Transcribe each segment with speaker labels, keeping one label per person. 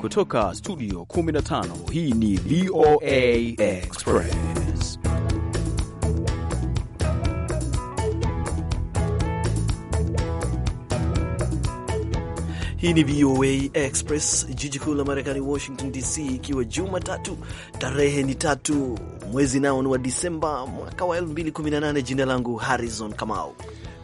Speaker 1: Kutoka studio 15 hii ni VOA Express. Hii ni VOA Express, jiji kuu la Marekani, Washington DC, ikiwa Jumatatu tarehe ni tatu mwezi nao ni wa Disemba mwaka wa 2018. Jina langu Harrison Kamau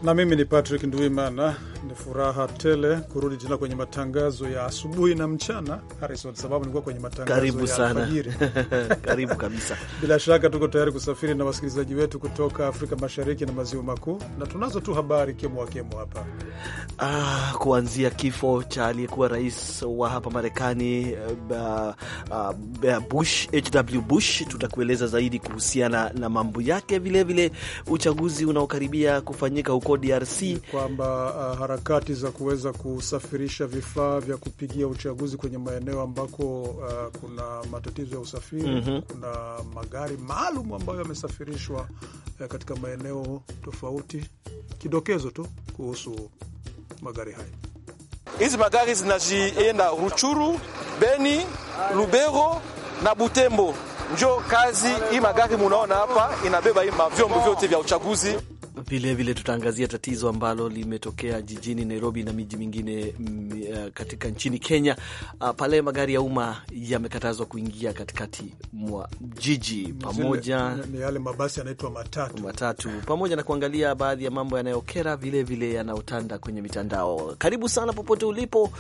Speaker 2: na mimi ni Patrick Nduimana. Ni furaha tele kurudi tena kwenye matangazo ya asubuhi na mchana, Harrison, sababu nilikuwa kwenye matangazo karibu ya alfajiri karibu kabisa. Bila shaka tuko tayari kusafiri na wasikilizaji wetu kutoka Afrika Mashariki na Maziwa Makuu, na tunazo tu habari kemo kemo hapa
Speaker 1: ah, kuanzia kifo cha aliyekuwa rais wa hapa Marekani eh, ah, Bush, HW Bush. Tutakueleza zaidi kuhusiana na mambo yake, vilevile uchaguzi unaokaribia kufanyika huko DRC
Speaker 2: kwamba uh, harakati za kuweza kusafirisha vifaa vya kupigia uchaguzi kwenye maeneo ambako uh, kuna matatizo ya usafiri mm -hmm. Kuna magari maalum ambayo yamesafirishwa uh, katika maeneo tofauti. Kidokezo tu kuhusu magari
Speaker 1: hayo. Hizi magari zinajienda Ruchuru, Beni, Lubero na Butembo. Njo kazi hii magari munaona hapa inabeba hii mavyombo vyote vya uchaguzi. Vilevile tutaangazia tatizo ambalo limetokea jijini Nairobi na miji mingine mm, eh, katika nchini Kenya, ah, pale magari ya umma yamekatazwa kuingia katikati mwa jiji, pamoja
Speaker 2: ni yale mabasi yanaitwa matatu,
Speaker 1: matatu, pamoja na kuangalia baadhi ya mambo yanayokera vilevile yanayotanda kwenye mitandao. Karibu sana popote ulipo,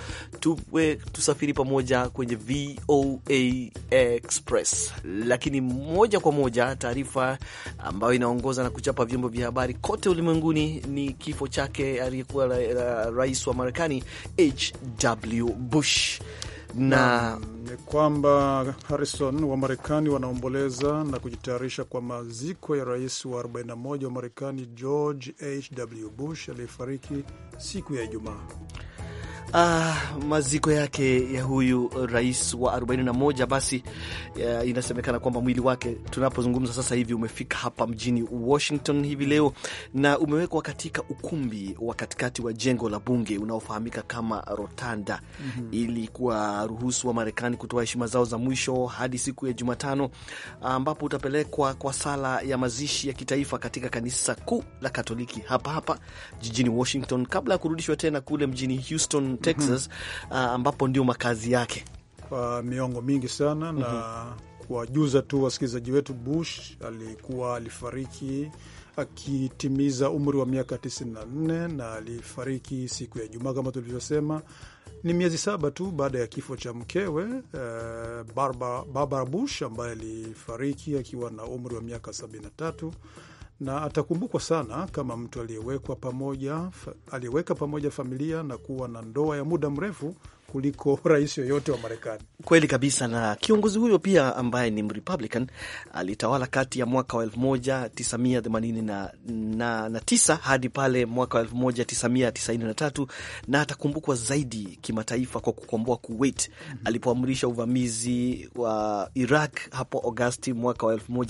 Speaker 1: tuwe tusafiri pamoja kwenye VOA Express, lakini moja kwa moja taarifa ambayo inaongoza na kuchapa vyombo vya habari kote ulimwenguni ni kifo chake aliyekuwa ra, ra, rais wa Marekani HW Bush na ni kwamba Harrison wa Marekani wanaomboleza
Speaker 2: na kujitayarisha kwa maziko ya rais wa 41 wa Marekani George HW Bush aliyefariki siku ya Ijumaa.
Speaker 1: Ah, maziko yake ya huyu rais wa 41 basi ya, inasemekana kwamba mwili wake tunapozungumza sasa hivi umefika hapa mjini Washington hivi leo na umewekwa katika ukumbi wa katikati wa jengo la bunge unaofahamika kama Rotanda mm -hmm. ili kuwaruhusu wa Marekani kutoa heshima zao za mwisho hadi siku ya Jumatano ambapo utapelekwa kwa sala ya mazishi ya kitaifa katika kanisa kuu la Katoliki hapa hapa jijini Washington kabla ya kurudishwa tena kule mjini Houston Houston, Texas mm -hmm. ambapo ndio makazi yake
Speaker 2: kwa miongo mingi sana mm -hmm. na mm-hmm. kuwajuza tu wasikilizaji wetu, Bush alikuwa alifariki akitimiza umri wa miaka 94 na alifariki siku ya Ijumaa kama tulivyosema, ni miezi saba tu baada ya kifo cha mkewe uh, Barbara Bush ambaye alifariki akiwa na umri wa miaka 73 na atakumbukwa sana kama mtu aliyeweka pamoja, pamoja familia na kuwa na ndoa ya muda mrefu kuliko rais yoyote wa Marekani.
Speaker 1: Kweli kabisa. Na kiongozi huyo pia ambaye ni Republican alitawala kati ya mwaka wa tisa hadi pale mwaka wa tisaini na atakumbukwa zaidi kimataifa kwa kukomboa Kuwait mm -hmm. alipoamrisha uvamizi wa Iraq hapo Agosti mwaka wa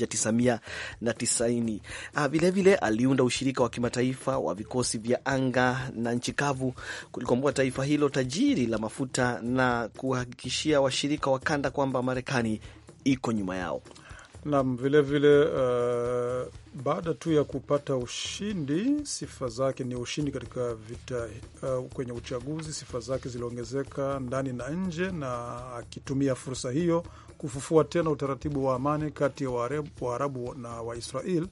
Speaker 1: tisaini. Ah, Vilevile aliunda ushirika wa kimataifa wa vikosi vya anga na nchi kavu kulikomboa taifa hilo tajiri la mafuta mafuta na kuhakikishia washirika wa kanda kwamba Marekani iko nyuma yao. Nam
Speaker 2: vilevile uh, baada tu ya kupata ushindi, sifa zake ni ushindi katika vita uh, kwenye uchaguzi, sifa zake ziliongezeka ndani na nje, na akitumia fursa hiyo kufufua tena utaratibu wa amani kati ya Waarabu na Waisrael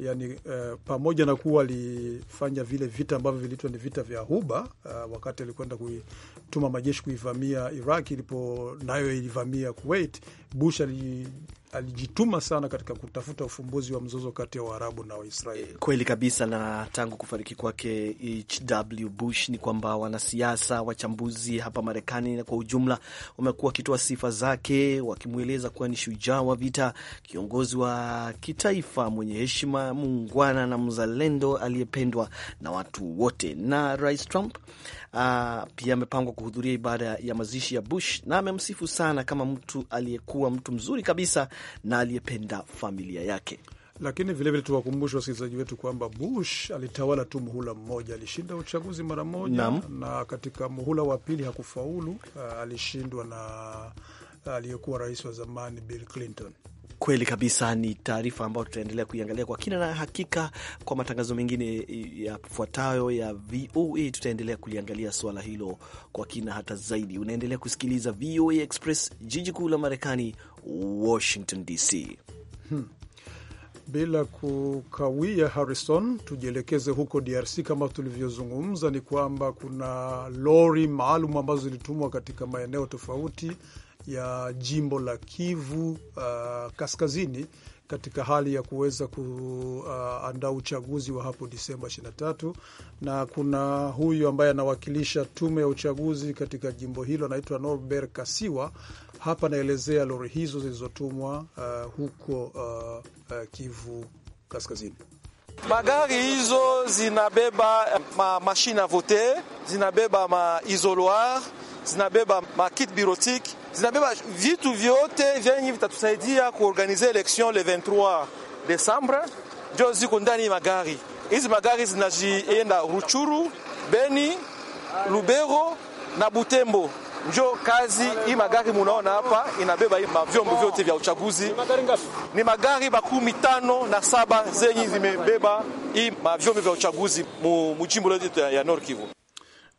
Speaker 2: yani, uh, pamoja na kuwa alifanya vile vita ambavyo viliitwa ni vita vya Huba uh, eh, wakati alikwenda kuituma majeshi kuivamia Iraq ilipo nayo ilivamia Kuwait Bush ali alijituma sana katika kutafuta ufumbuzi wa mzozo kati ya Waarabu na Waisraeli. Eh,
Speaker 1: kweli kabisa. Na tangu kufariki kwake HW Bush ni kwamba wanasiasa, wachambuzi hapa Marekani na kwa ujumla wamekuwa wakitoa sifa zake, wakimweleza kuwa ni shujaa wa vita, kiongozi wa kitaifa mwenye heshima, muungwana na mzalendo aliyependwa na watu wote. Na Rais Trump uh, pia amepangwa kuhudhuria ibada ya mazishi ya Bush na amemsifu sana kama mtu aliyekuwa kuwa mtu mzuri kabisa na aliyependa familia yake.
Speaker 2: Lakini vilevile tuwakumbushe wasikilizaji wetu kwamba Bush alitawala tu muhula mmoja, alishinda uchaguzi mara moja na, na katika muhula wa pili hakufaulu. Uh, alishindwa na uh, aliyekuwa rais wa zamani Bill Clinton.
Speaker 1: Kweli kabisa, ni taarifa ambayo tutaendelea kuiangalia kwa kina, na hakika kwa matangazo mengine yafuatayo ya VOA tutaendelea kuliangalia suala hilo kwa kina hata zaidi. Unaendelea kusikiliza VOA Express, jiji kuu la Marekani, Washington DC.
Speaker 2: Hmm. Bila kukawia, Harrison, tujielekeze huko DRC. Kama tulivyozungumza, ni kwamba kuna lori maalum ambazo zilitumwa katika maeneo tofauti ya jimbo la Kivu uh, kaskazini katika hali ya kuweza kuandaa uh, uchaguzi wa hapo Disemba 23, na kuna huyu ambaye anawakilisha tume ya uchaguzi katika jimbo hilo anaitwa Norbert Kasiwa. Hapa anaelezea lori hizo zilizotumwa uh, huko uh, uh, Kivu kaskazini. Magari hizo zinabeba
Speaker 1: ma mashine a voter, zinabeba ma isoloir zinabeba makit birotik, zinabeba vitu vyote vyenye vitatusaidia kuorganize election le 23 Desembre, njo ziko ndani magari hizi. Magari zinajienda Ruchuru, Beni, Lubero na Butembo. Njo kazi hii magari munaona hapa inabeba hii mavyombo vyote vya uchaguzi. Ni magari makumi tano na saba zenye zimebeba hii mavyombo vya uchaguzi mu jimbo letu ya Nord Kivu.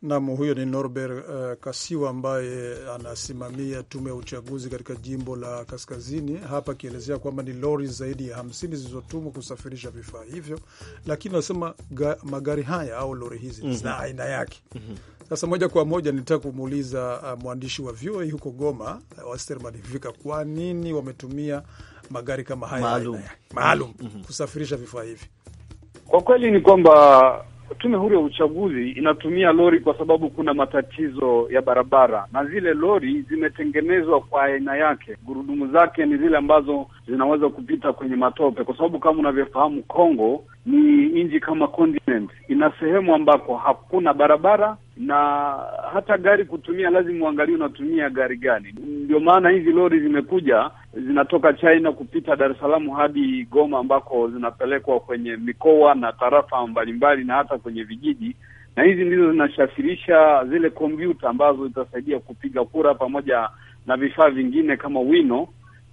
Speaker 2: Nam, huyo ni Norbert uh, Kasiwa ambaye anasimamia tume ya uchaguzi katika jimbo la kaskazini hapa, akielezea kwamba ni lori zaidi ya hamsini zilizotumwa kusafirisha vifaa hivyo, lakini anasema magari haya au lori hizi mm -hmm. zina aina yake mm -hmm. Sasa moja kwa moja nilitaka kumuuliza uh, mwandishi wa VOA huko Goma uh, eh, Aster Malivika, kwa nini wametumia magari kama haya maalum mm -hmm. kusafirisha vifaa hivi?
Speaker 3: Kwa kweli ni kwamba tume huru ya uchaguzi inatumia lori kwa sababu kuna matatizo ya barabara, na zile lori zimetengenezwa kwa aina yake. Gurudumu zake ni zile ambazo zinaweza kupita kwenye matope, kwa sababu kama unavyofahamu Kongo ni nchi kama continent, ina sehemu ambako hakuna barabara na hata gari kutumia lazima uangalie unatumia gari gani. Ndio maana hizi lori zimekuja zinatoka China kupita Dar es Salaam hadi Goma ambako zinapelekwa kwenye mikoa na tarafa mbalimbali na hata kwenye vijiji, na hizi ndizo zinashafirisha zile kompyuta ambazo zitasaidia kupiga kura pamoja na vifaa vingine kama wino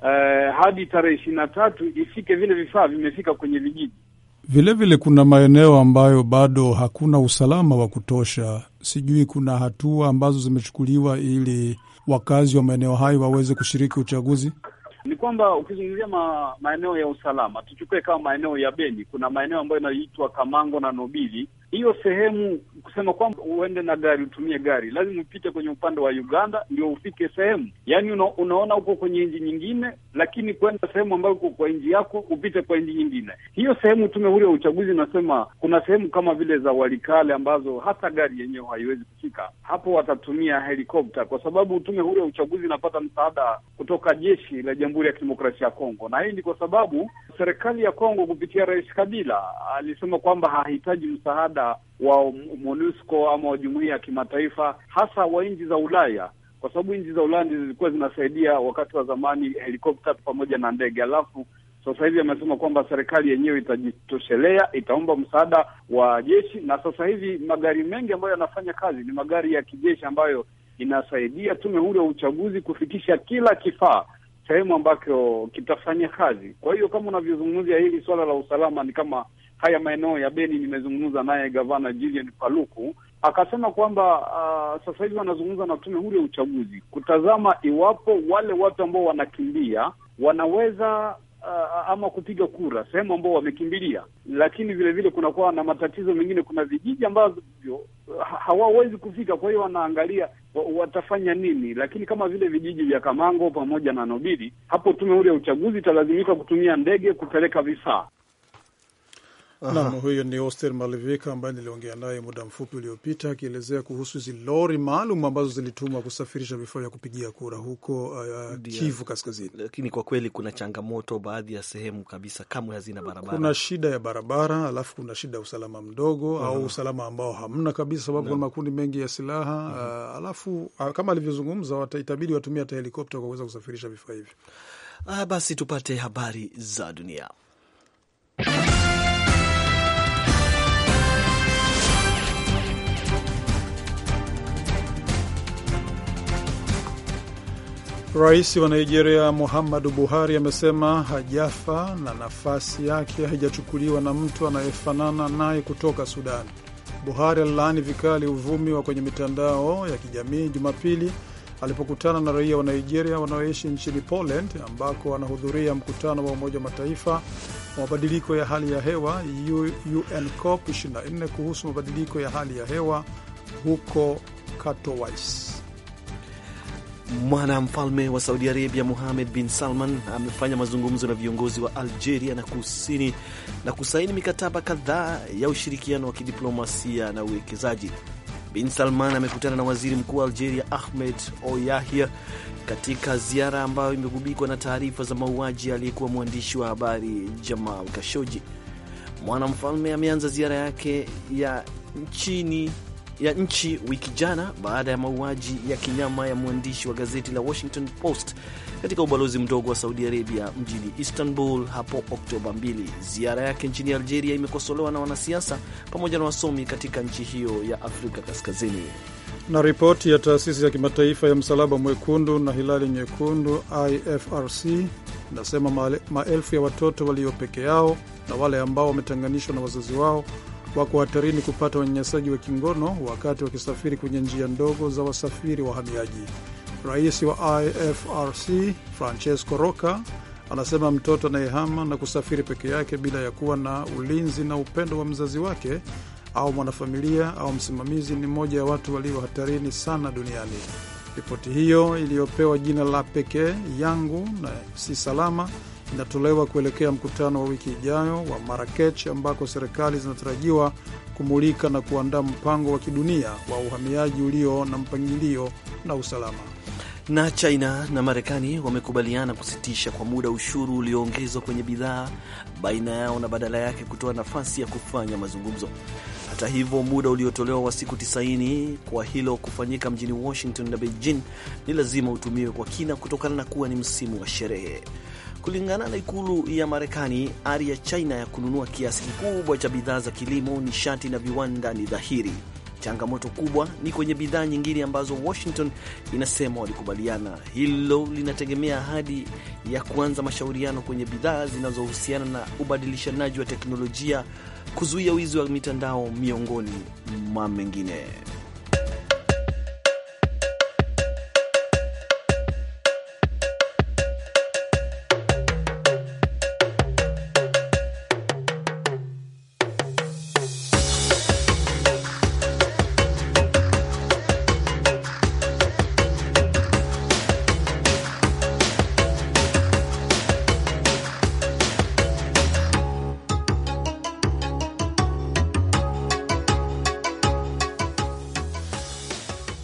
Speaker 3: eh, hadi tarehe ishirini na tatu ifike vile vifaa vimefika kwenye vijiji.
Speaker 2: Vilevile vile kuna maeneo ambayo bado hakuna usalama wa kutosha. Sijui kuna hatua ambazo zimechukuliwa ili wakazi wa maeneo hayo waweze kushiriki uchaguzi
Speaker 3: ni kwamba ukizungumzia ma, maeneo ya usalama, tuchukue kama maeneo ya Beni, kuna maeneo ambayo inaitwa Kamango na Nobili hiyo sehemu kusema kwamba uende na gari utumie gari, lazima upite kwenye upande wa Uganda ndio ufike sehemu. Yani una, unaona uko kwenye nchi nyingine, lakini kwenda sehemu ambayo uko kwa nchi yako upite kwa nchi nyingine. Hiyo sehemu, tume huru ya uchaguzi inasema kuna sehemu kama vile za Walikale ambazo hata gari yenyewe haiwezi kufika, hapo watatumia helikopta, kwa sababu tume huru ya uchaguzi inapata msaada kutoka jeshi la Jamhuri ya Kidemokrasia ya Kongo, na hii ni kwa sababu serikali ya Kongo kupitia Rais Kabila alisema kwamba hahitaji msaada msaada wa MONUSCO ama jumuiya ya kimataifa, hasa wa nchi za Ulaya, kwa sababu nchi za Ulaya ndizo zilikuwa zinasaidia wakati wa zamani, helikopta pamoja na ndege. Alafu sasa hivi amesema kwamba serikali yenyewe itajitoshelea, itaomba msaada wa jeshi, na sasa hivi magari mengi ambayo yanafanya kazi ni magari ya kijeshi ambayo inasaidia tume huru ya uchaguzi kufikisha kila kifaa sehemu ambacho kitafanya kazi. Kwa hiyo kama unavyozungumzia hili swala la usalama, ni kama haya maeneo ya Beni. Nimezungumza naye gavana Julian Paluku akasema kwamba uh, sasa hivi wanazungumza na tume huru ya uchaguzi kutazama iwapo wale watu ambao wanakimbia wanaweza Uh, ama kupiga kura sehemu ambao wamekimbilia, lakini vile vile kunakuwa na matatizo mengine. Kuna vijiji ambavyo ah, hawawezi kufika, kwa hiyo wanaangalia watafanya nini, lakini kama vile vijiji vya Kamango pamoja na Nobili, hapo tume huru ya uchaguzi italazimika kutumia ndege kupeleka vifaa
Speaker 2: nam huyo ni Oster Malivika ambaye niliongea naye muda mfupi uliopita akielezea kuhusu hizi lori maalum ambazo zilitumwa kusafirisha vifaa vya kupigia kura huko uh, uh Kivu
Speaker 1: Kaskazini. Lakini kwa kweli kuna changamoto, baadhi ya sehemu kabisa kamwe hazina barabara. Kuna
Speaker 2: shida ya barabara, alafu kuna shida ya usalama mdogo -huh. au usalama ambao hamna kabisa, sababu kuna makundi mengi ya silaha uh, alafu uh, kama alivyozungumza, itabidi watumia hata helikopta kwa kuweza kusafirisha vifaa hivyo.
Speaker 1: Ah, basi tupate habari za dunia.
Speaker 2: Rais wa Nigeria Muhammadu Buhari amesema hajafa na nafasi yake haijachukuliwa na mtu anayefanana naye kutoka Sudan. Buhari alilaani vikali uvumi wa kwenye mitandao ya kijamii Jumapili alipokutana na raia wa Nigeria wanaoishi nchini Poland ambako anahudhuria mkutano wa Umoja wa Mataifa wa mabadiliko ya hali ya hewa uncop 24 kuhusu mabadiliko ya hali ya hewa huko Katowice.
Speaker 1: Mwana mfalme wa Saudi Arabia muhamed bin Salman amefanya mazungumzo na viongozi wa Algeria na kusini na kusaini mikataba kadhaa ya ushirikiano wa kidiplomasia na uwekezaji. Bin Salman amekutana na waziri mkuu wa Algeria Ahmed Oyahia katika ziara ambayo imegubikwa na taarifa za mauaji aliyekuwa mwandishi wa habari Jamal Kashoji. Mwanamfalme ameanza ziara yake ya nchini ya nchi wiki jana baada ya mauaji ya kinyama ya mwandishi wa gazeti la Washington Post katika ubalozi mdogo wa Saudi Arabia mjini Istanbul hapo Oktoba 2. Ziara yake nchini Algeria imekosolewa na wanasiasa pamoja na wasomi katika nchi hiyo ya Afrika Kaskazini.
Speaker 2: Na ripoti ya taasisi ya kimataifa ya Msalaba Mwekundu na Hilali Nyekundu IFRC inasema maelfu ya watoto walio peke yao na wale ambao wametenganishwa na wazazi wao wako hatarini kupata wanyanyasaji wa kingono wakati wakisafiri kwenye njia ndogo za wasafiri wahamiaji. Rais wa IFRC Francesco Roca anasema mtoto anayehama na kusafiri peke yake bila ya kuwa na ulinzi na upendo wa mzazi wake au mwanafamilia au msimamizi ni mmoja ya watu walio hatarini sana duniani. Ripoti hiyo iliyopewa jina la pekee yangu na si salama inatolewa kuelekea mkutano wa wiki ijayo wa Marakech ambako serikali zinatarajiwa kumulika na kuandaa mpango wa kidunia wa uhamiaji ulio na mpangilio na usalama.
Speaker 1: Na China na Marekani wamekubaliana kusitisha kwa muda ushuru ulioongezwa kwenye bidhaa baina yao na badala yake kutoa nafasi ya kufanya mazungumzo. Hata hivyo, muda uliotolewa wa siku 90 kwa hilo kufanyika mjini Washington na Beijing ni lazima utumiwe kwa kina kutokana na kuwa ni msimu wa sherehe. Kulingana na ikulu ya Marekani, ari ya China ya kununua kiasi kikubwa cha bidhaa za kilimo, nishati na viwanda ni dhahiri. Changamoto kubwa ni kwenye bidhaa nyingine ambazo Washington inasema walikubaliana. Hilo linategemea ahadi ya kuanza mashauriano kwenye bidhaa zinazohusiana na ubadilishanaji wa teknolojia, kuzuia wizi wa mitandao, miongoni mwa mengine.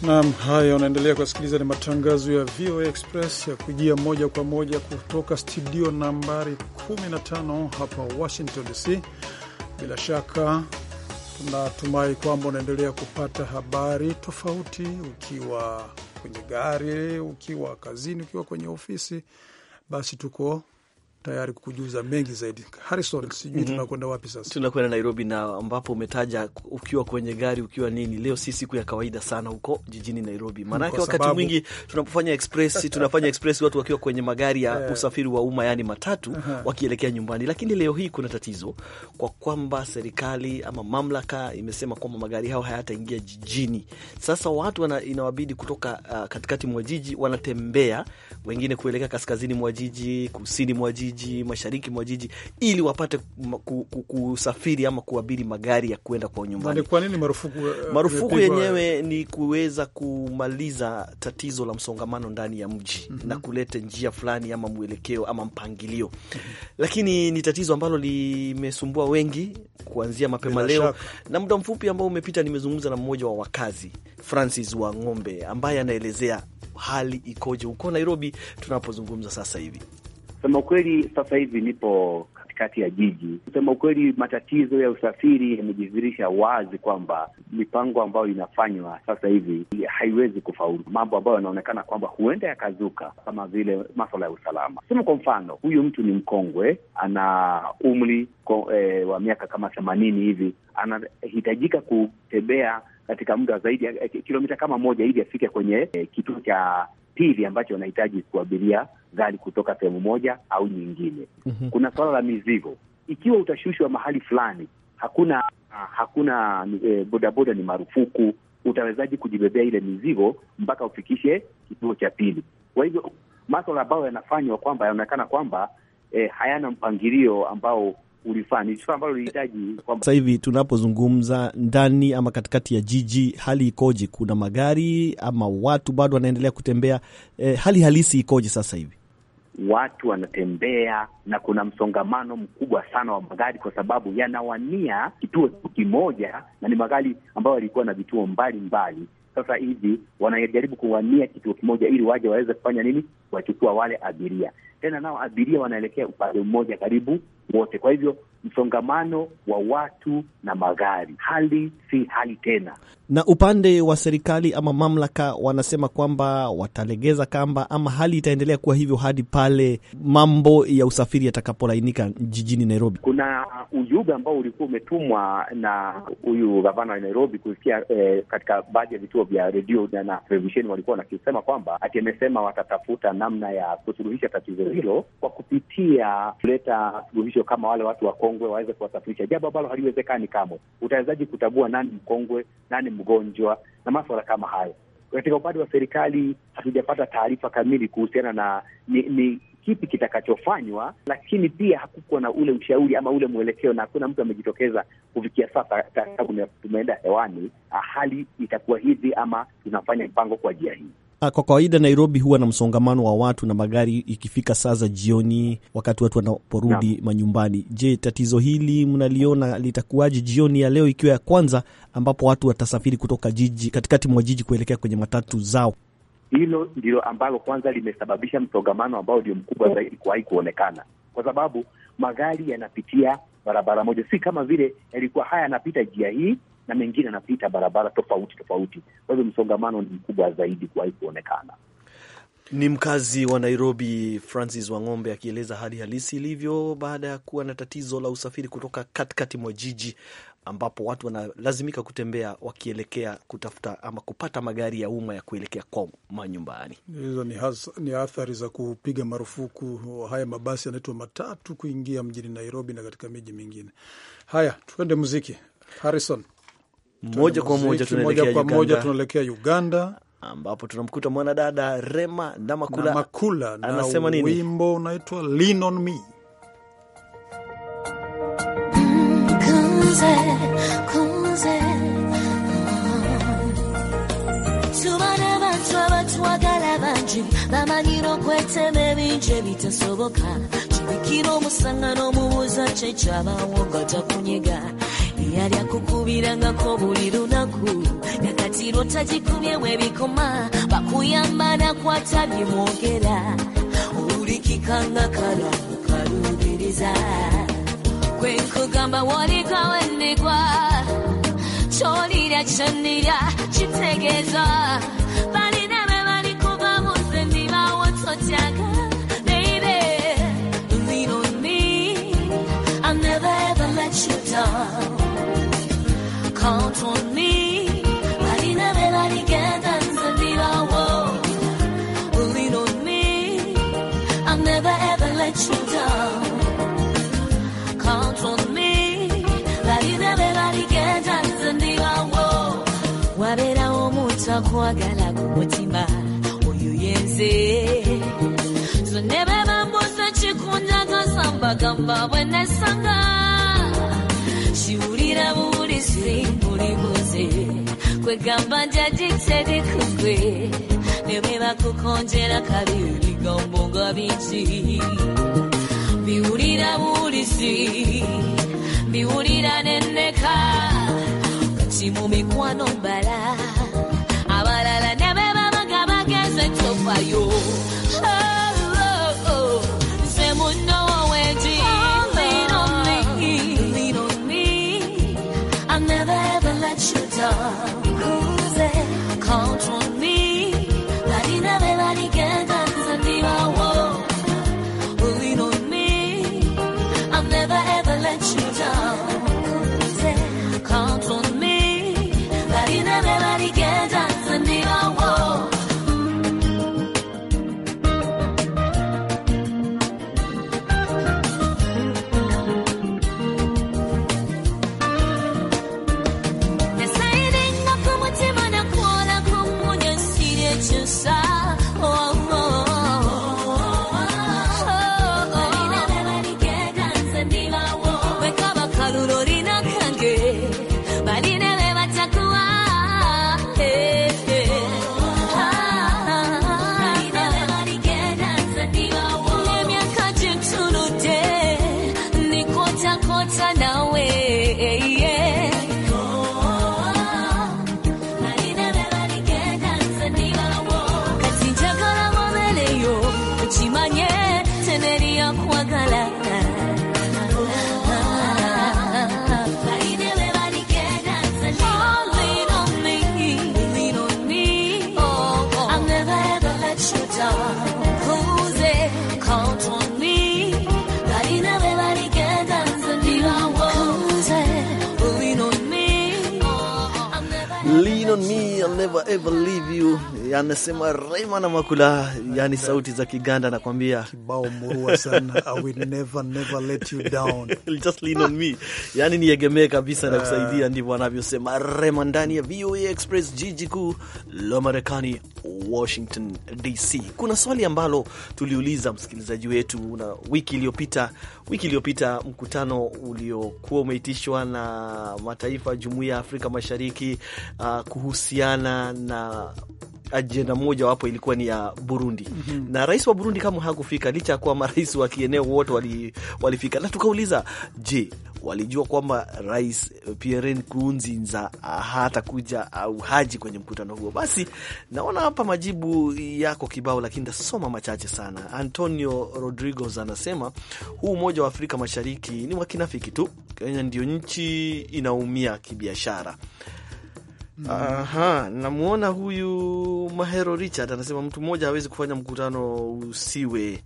Speaker 2: Nam, haya unaendelea kusikiliza, ni matangazo ya VOA Express ya kujia moja kwa moja kutoka studio nambari 15 hapa Washington DC. Bila shaka tunatumai kwamba unaendelea kupata habari tofauti, ukiwa kwenye gari,
Speaker 1: ukiwa kazini, ukiwa kwenye
Speaker 2: ofisi, basi tuko tayari kukujuza mengi zaidi. Harrison, sijui mm -hmm. tunakwenda wapi sasa?
Speaker 1: Tunakwenda Nairobi, na ambapo umetaja ukiwa kwenye gari ukiwa nini. Leo si siku ya kawaida sana huko jijini Nairobi, mm, maanake wakati sababu... mwingi tunapofanya express tunafanya express watu wakiwa kwenye magari ya yeah. usafiri wa umma yani matatu uh -huh. wakielekea nyumbani, lakini leo hii kuna tatizo kwa kwamba serikali ama mamlaka imesema kwamba magari hayo hayataingia jijini. Sasa watu wana, inawabidi kutoka uh, katikati mwa jiji wanatembea, wengine kuelekea kaskazini mwa jiji, kusini mwa jiji jiji, mashariki mwa jiji, ili wapate kusafiri ama kuabiri magari ya kuenda kwa nyumbani.
Speaker 2: Kwa nini marufuku?
Speaker 1: Eh, marufuku yenyewe ni kuweza kumaliza tatizo la msongamano ndani ya mji mm -hmm. na kuleta njia fulani ama mwelekeo ama mpangilio mm -hmm. lakini ni tatizo ambalo limesumbua wengi kuanzia mapema leo na muda mfupi ambao umepita nimezungumza na mmoja wa wakazi Francis wa Ng'ombe ambaye anaelezea hali ikoje huko Nairobi tunapozungumza sasa hivi
Speaker 4: sema ukweli, sasa hivi nipo katikati ya jiji. Kusema ukweli, matatizo ya usafiri yamejidhihirisha wazi kwamba mipango ambayo inafanywa sasa hivi haiwezi kufaulu. Mambo ambayo yanaonekana kwamba huenda yakazuka, kama vile maswala ya usalama. Sema kwa mfano, huyu mtu ni mkongwe, ana umri e, wa miaka kama themanini hivi, anahitajika kutembea katika muda zaidi ya e, kilomita kama moja ili afike kwenye e, kituo cha pili ambacho anahitaji kuabiria gari kutoka sehemu moja au nyingine. mm -hmm. Kuna suala la mizigo, ikiwa utashushwa mahali fulani, hakuna ah, hakuna eh, bodaboda ni marufuku, utawezaji kujibebea ile mizigo mpaka ufikishe kituo cha pili? Kwa hivyo maswala ambayo yanafanywa kwamba yanaonekana kwamba eh, hayana mpangilio ambao sasa
Speaker 1: hivi tunapozungumza, ndani ama katikati ya jiji hali ikoje? Kuna magari ama watu bado wanaendelea kutembea? E, hali halisi ikoje sasa hivi?
Speaker 4: watu wanatembea na kuna msongamano mkubwa sana wa magari, kwa sababu yanawania kituo tu kimoja, na ni magari ambayo yalikuwa na vituo mbalimbali. Sasa hivi wanajaribu kuwania kituo kimoja ili waje waweze kufanya nini, wachukua wale abiria tena nao abiria wanaelekea upande mmoja karibu wote. Kwa hivyo msongamano wa watu na magari, hali si hali tena.
Speaker 1: Na upande wa serikali ama mamlaka wanasema kwamba watalegeza kamba ama hali itaendelea kuwa hivyo hadi pale mambo ya usafiri yatakapolainika jijini Nairobi.
Speaker 4: Kuna ujumbe ambao ulikuwa umetumwa na huyu gavana wa Nairobi kusikia eh, katika baadhi ya vituo vya redio na televisheni walikuwa wanakisema kwamba ati amesema watatafuta namna ya kusuluhisha tatizo tatizo hilo kwa kupitia kuleta suluhisho kama wale watu wakongwe waweze kuwasafirisha, jambo ambalo haliwezekani kamwe. Utawezaji kutambua nani mkongwe, nani mgonjwa na maswala kama hayo. Katika upande wa serikali hatujapata taarifa kamili kuhusiana na ni, ni kipi kitakachofanywa, lakini pia hakukuwa na ule ushauri ama ule mwelekeo, na hakuna mtu amejitokeza kufikia sasa, tangu tumeenda hewani, hali itakuwa hivi ama tunafanya mpango kwa njia hii.
Speaker 1: Ah, kwa kawaida Nairobi huwa na msongamano wa watu na magari ikifika saa za jioni, wakati watu wanaporudi yeah, manyumbani. Je, tatizo hili mnaliona litakuwaje jioni ya leo, ikiwa ya kwanza ambapo watu watasafiri kutoka jiji katikati mwa jiji kuelekea kwenye matatu zao?
Speaker 4: Hilo ndilo ambalo kwanza limesababisha msongamano ambao ndio mkubwa zaidi kuwahi kuonekana, kwa sababu magari yanapitia barabara moja, si kama vile yalikuwa haya yanapita njia hii na mengine yanapita barabara tofauti tofauti. Kwa hivyo msongamano ni mkubwa zaidi kuwahi kuonekana.
Speaker 1: Ni mkazi wa Nairobi, Francis Wang'ombe akieleza hali halisi ilivyo baada ya kuwa na tatizo la usafiri kutoka katikati mwa jiji ambapo watu wanalazimika kutembea wakielekea kutafuta ama kupata magari ya umma ya kuelekea kwa manyumbani.
Speaker 2: Hizo ni, ni athari za kupiga marufuku haya mabasi yanaitwa matatu kuingia mjini Nairobi na katika miji mingine. Haya, tuende muziki. Harrison moja kwa moja
Speaker 1: tunaelekea Uganda ambapo tunamkuta mwanadada Rema na Makula, na Makula na anasema nini?
Speaker 2: Wimbo unaitwa Lean on Me.
Speaker 5: bamanyira okwetema ebingi ebitasoboka kibikira omusangano omubuuza kye kyabawo nga takunyiga yali akukubirangako buli lunaku nakati lwotagikubyewo ebikoma bakuyamba nakwata byemwogera owulikikanga kalamu kalubiriza kwenkugamba wolikawendigwa kyolira kyonira kitegeeza count on me. Marina vela di Tanzania, whoa. Will lean on me. I'll never ever let you down. Count on me. Marina vela di Tanzania, whoa. Wabera omuta kwagala kumutima oyuyenze. So never bambuza chikunda kasamba gamba when I sanga. Shiurira buwe simbuluze kwegamba njagi teri ku gwe nemera kukonjera kabi bigambo nga biki biwulira buwulizi biwulira nenneka kati mu mikwano mbala abalala ne be babaga bagenze tofayo i Who's it? Control.
Speaker 1: anasema Rema na Makula, yani sauti za Kiganda, nakwambia kibao murua sana. I will never never let you down just lean on me, yani niegemee kabisa na kusaidia. Ah. Ndivyo anavyosema Rema ndani ya VOA Express, jiji kuu la Marekani, Washington DC. Kuna swali ambalo tuliuliza msikilizaji wetu na wiki iliyopita, wiki iliyopita mkutano uliokuwa umeitishwa na mataifa jumuiya ya Afrika Mashariki uh, kuhusiana na ajenda moja wapo ilikuwa ni ya Burundi mm -hmm. na rais wa Burundi kama hakufika licha ya kuwa marais wa kieneo wote walifika, na tukauliza, je, walijua kwamba rais Pierre Nkurunziza ah, kuja au haji kwenye mkutano huo? Basi naona hapa majibu yako kibao, lakini tasoma machache sana. Antonio Rodriguez anasema huu umoja wa Afrika Mashariki ni wakinafiki tu, Kenya ndio nchi inaumia kibiashara Aha, namwona huyu Mahero Richard anasema mtu mmoja hawezi kufanya mkutano usiwe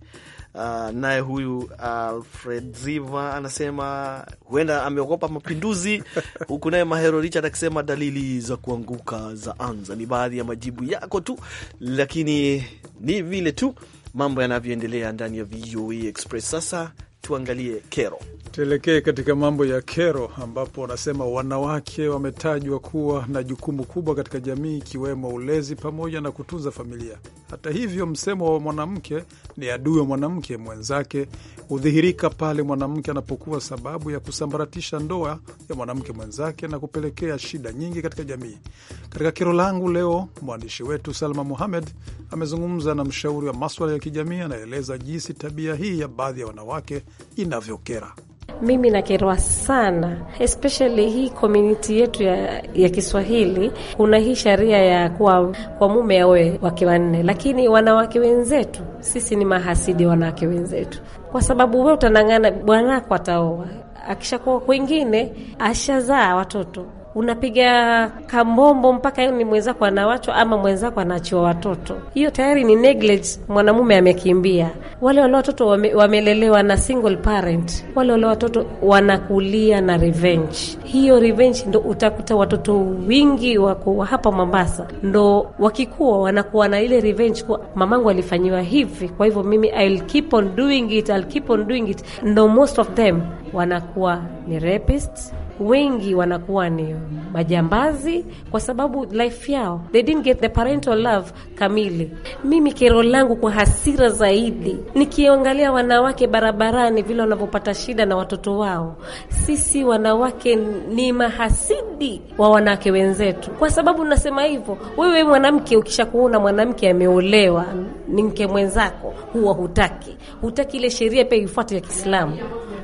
Speaker 1: Uh, naye huyu ah, Alfred Ziva anasema huenda ameogopa mapinduzi, huku naye Mahero Richard akisema dalili za kuanguka za anza. Ni baadhi ya majibu yako tu, lakini ni vile tu mambo yanavyoendelea ndani ya VOA e Express. Sasa tuangalie kero
Speaker 2: Tuelekee katika mambo ya kero, ambapo wanasema wanawake wametajwa kuwa na jukumu kubwa katika jamii, ikiwemo ulezi pamoja na kutunza familia. Hata hivyo, msemo wa mwanamke ni adui wa mwanamke mwenzake hudhihirika pale mwanamke anapokuwa sababu ya kusambaratisha ndoa ya mwanamke mwenzake na kupelekea shida nyingi katika jamii. Katika kero langu leo, mwandishi wetu Salma Muhamed amezungumza na mshauri wa maswala ya kijamii, anaeleza jinsi tabia hii ya baadhi ya wanawake inavyokera.
Speaker 6: Mimi nakerwa sana especially hii community yetu ya, ya Kiswahili. Kuna hii sharia ya kuwa kwa mume awe wake wanne, lakini wanawake wenzetu sisi ni mahasidi wanawake wenzetu, kwa sababu we utanang'ana bwanako ataoa akishakuwa kwengine ashazaa watoto unapiga kambombo mpaka ni mwenzako anawachwa ama mwenzako anaachiwa watoto, hiyo tayari ni neglect. Mwanamume amekimbia. Wale wale watoto wame, wamelelewa na single parent, wale wale watoto wanakulia na revenge. Hiyo revenge ndo utakuta watoto wingi wako hapa Mombasa, ndo wakikuwa wanakuwa na ile revenge kwa mamangu alifanyiwa hivi, kwa hivyo mimi I'll keep on doing it, I'll keep on doing it. Ndo most of them wanakuwa ni rapists wengi wanakuwa ni majambazi kwa sababu life yao they didn't get the parental love kamili. Mimi kero langu kwa hasira zaidi nikiangalia wanawake barabarani vile wanavyopata shida na watoto wao. Sisi wanawake ni mahasidi wa wanawake wenzetu. Kwa sababu nasema hivyo, wewe mwanamke, ukisha kuona mwanamke ameolewa ni mke mwenzako, huwa hutaki, hutaki ile sheria pia ifuate ya Kiislamu.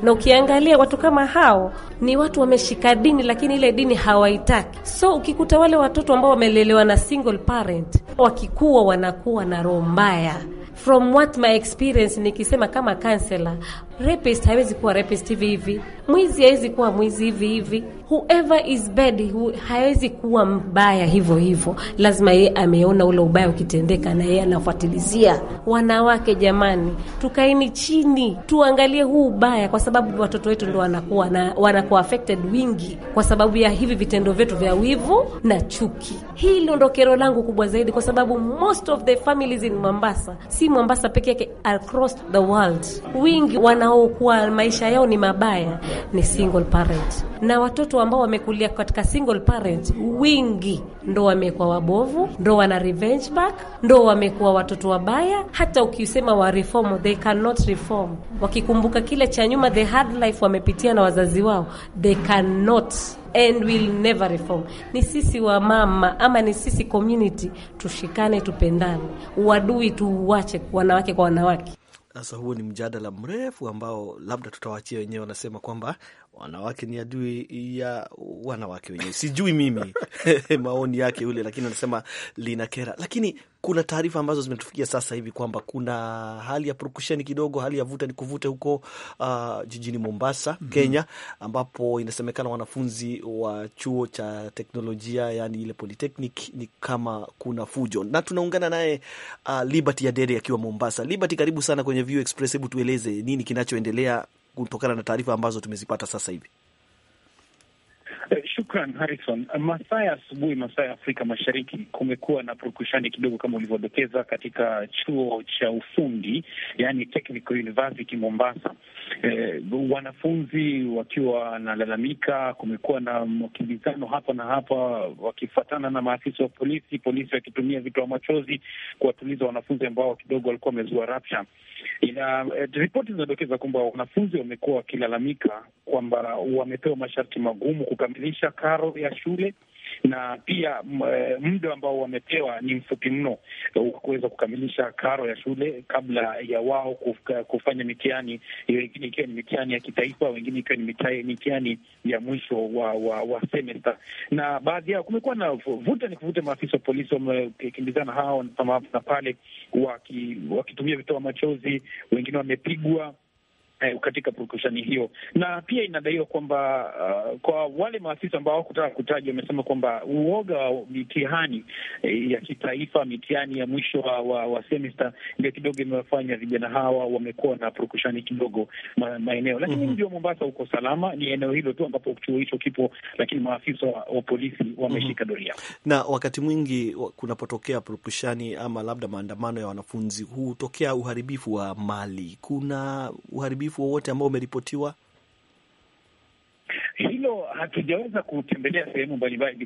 Speaker 6: Na ukiangalia watu kama hao ni watu wame wameshika dini, lakini ile dini hawaitaki. So ukikuta wale watoto ambao wamelelewa na single parent, wakikuwa wanakuwa na roho mbaya. From what my experience, nikisema kama kansela, Rapist hawezi kuwa rapist hivi hivi, mwizi hawezi kuwa mwizi hivi hivi, whoever is bad hawezi kuwa mbaya hivyo hivyo. Lazima yeye ameona ule ubaya ukitendeka, na yeye anafuatilizia. Wanawake jamani, tukaini chini, tuangalie huu ubaya, kwa sababu watoto wetu ndo wanakuwa na wanakuwa affected wingi kwa sababu ya hivi vitendo vyetu vya wivu na chuki. Hilo ndo kero langu kubwa zaidi, kwa sababu most of the families in Mombasa, si Mombasa peke yake, across the world, wingi wana wanaokuwa maisha yao ni mabaya ni single parent, na watoto ambao wamekulia katika single parent wingi ndo wamekuwa wabovu, ndo wana revenge back, ndo wamekuwa watoto wabaya. Hata ukisema wa reform, they cannot reform. Wakikumbuka kile cha nyuma, the hard life wamepitia na wazazi wao, they cannot and will never reform. Ni sisi wa mama ama ni sisi community, tushikane, tupendane, uadui tuuache, wanawake kwa wanawake.
Speaker 1: Sasa huo ni mjadala mrefu ambao labda tutawachia wenyewe, wanasema kwamba wanawake ni adui ya wanawake wenyewe. Sijui mimi maoni yake yule, lakini anasema lina kera. Lakini kuna taarifa ambazo zimetufikia sasa hivi kwamba kuna hali ya purukusheni kidogo, hali ya vuta ni kuvute huko uh, jijini Mombasa, mm -hmm. Kenya, ambapo inasemekana wanafunzi wa chuo cha teknolojia, yani ile polytechnic, ni kama kuna fujo, na tunaungana naye uh, Liberty Adede akiwa Mombasa. Liberty, karibu sana kwenye View Express. Hebu tueleze nini kinachoendelea kutokana na taarifa ambazo tumezipata sasa hivi?
Speaker 7: Eh, shukran Harrison. Masaa ya asubuhi, masaa ya Afrika Mashariki, kumekuwa na purukushani kidogo, kama ulivyodokeza, katika chuo cha ufundi, yaani Technical University Mombasa. E, wanafunzi wakiwa wanalalamika, kumekuwa na makimbizano hapa na hapa, wakifuatana na maafisa wa polisi, polisi wakitumia vitoa machozi kuwatuliza wanafunzi ambao kidogo walikuwa wamezua rapsha ina eh, ripoti zinadokeza kwamba wanafunzi wamekuwa wakilalamika kwamba wamepewa masharti magumu kukamilisha karo ya shule na pia eh, muda ambao wamepewa ni mfupi mno eh, wa kuweza kukamilisha karo ya shule kabla ya wao kufanya mitihani, wengine eh, ikiwa ni mitihani ya kitaifa, wengine ikiwa ni mitihani ya mwisho wa, wa, wa semester. Na baadhi yao kumekuwa na vuta ni kuvuta, maafisa wa polisi wamekimbizana hao na pale wakitumia waki vitoa machozi, wengine wamepigwa eh, katika purukushani hiyo, na pia inadaiwa kwamba uh, kwa wale maafisa ambao hawakutaka kutaja wamesema kwamba uoga wa mitihani eh, ya kitaifa, mitihani ya mwisho wa, wa, wa semesta ndio kidogo imewafanya vijana hawa wamekuwa na purukushani kidogo ma, maeneo, lakini mji mm -hmm. wa Mombasa uko salama, ni eneo hilo tu ambapo chuo hicho kipo, lakini maafisa wa polisi mhm. wameshika mm -hmm. doria,
Speaker 1: na wakati mwingi kunapotokea purukushani ama labda maandamano ya wanafunzi hutokea uharibifu wa mali, kuna uharibifu uharibifu wowote ambao umeripotiwa?
Speaker 7: hilo hatujaweza kutembelea sehemu mbalimbali,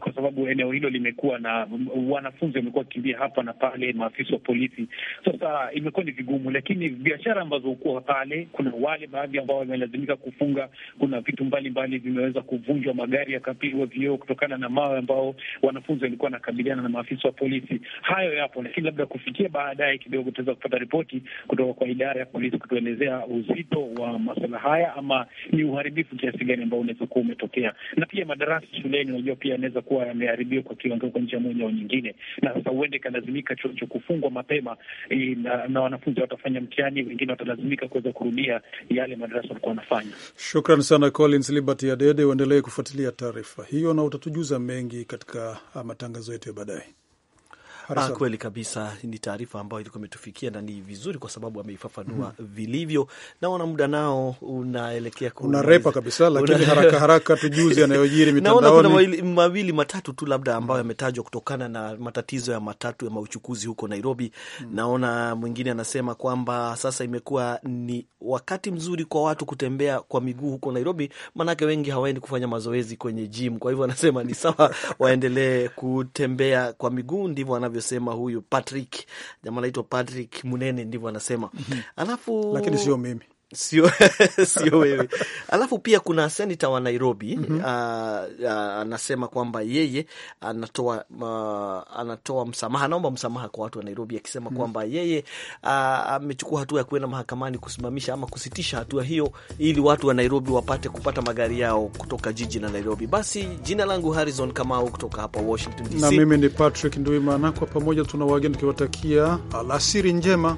Speaker 7: kwa sababu eneo hilo limekuwa na wanafunzi wamekuwa wakikimbia hapa na pale, maafisa wa polisi. Sasa imekuwa ni vigumu, lakini biashara ambazo hukuwa pale, kuna wale baadhi ambao wamelazimika kufunga. Kuna vitu mbalimbali vimeweza kuvunjwa, magari yakapigwa vioo kutokana na mawe ambao wanafunzi walikuwa wanakabiliana na maafisa wa polisi. Hayo yapo, lakini labda kufikia baadaye kidogo tutaweza kupata ripoti kutoka kwa idara ya polisi kutuelezea uzito wa masuala haya ama ni uharibifu kiasi gani ambao unaweza kuwa umetokea, na pia madarasa shuleni, unajua pia yanaweza kuwa yameharibiwa kwa kiwango, kwa njia moja au nyingine, na sasa huende ikalazimika chuo cha kufungwa mapema eh, na, na wanafunzi watafanya mtihani, wengine watalazimika kuweza kurudia yale madarasa walikuwa wanafanya.
Speaker 2: Shukran sana Collins Liberty Adede, uendelee kufuatilia taarifa hiyo na utatujuza mengi katika
Speaker 1: ah, matangazo yetu ya baadaye. Ha, ah, kweli kabisa ni taarifa ambayo ilikuwa imetufikia na ni vizuri kwa sababu ameifafanua mm -hmm. vilivyo. Naona muda nao unaelekea unarepa kabisa, lakini una... haraka haraka tujuzi yanayojiri mitandaoni. Naona kuna mawili matatu tu labda ambayo yametajwa kutokana na matatizo ya matatu ya mauchukuzi huko Nairobi mm -hmm. Naona mwingine anasema kwamba sasa imekuwa ni wakati mzuri kwa watu kutembea kwa miguu huko Nairobi, maanake wengi hawaendi kufanya mazoezi kwenye gym, kwa hivyo anasema ni sawa waendelee kutembea kwa miguu, ndivyo wanavyo alivyosema huyu Patrick, jamaa anaitwa Patrick Munene, ndivyo anasema. Mhm. Alafu lakini sio mimi sio sio wewe. Alafu pia kuna senata wa Nairobi mm -hmm. anasema kwamba yeye anatoa uh, anatoa msamaha, anaomba msamaha kwa watu wa Nairobi akisema mm -hmm. kwamba yeye ah, amechukua uh, hatua ya kuenda mahakamani kusimamisha ama kusitisha hatua hiyo ili watu wa Nairobi wapate kupata magari yao kutoka jiji la Nairobi. Basi jina langu Harrison Kamau kutoka hapa Washington DC, na mimi
Speaker 2: ni Patrick Nduimana, kwa pamoja tuna wageni tukiwatakia alasiri njema.